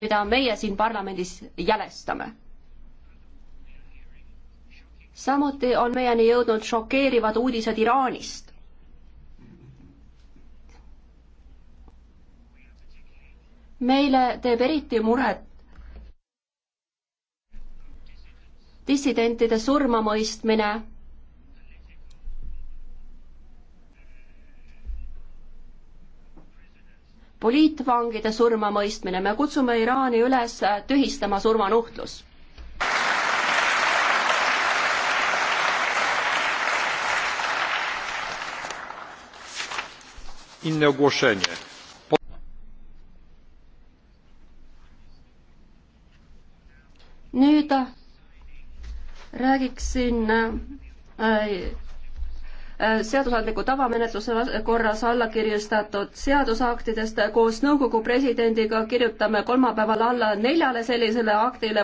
mida meie siin parlamendis jälestame. samuti on meieni jõudnud šokeerivad uudised Iraanist. meile teeb eriti muret dissidentide surmamõistmine poliitvangide surmamõistmine, me kutsume Iraani üles tühistama surmanuhtlus. inne ogłoszenie. nüüd räägiksin äh, seadusandliku tavamenetluse korras alla kirjustatud seadusaktidest. koos nõukogu presidendiga kirjutame kolmapäeval alla neljale sellisele aktile.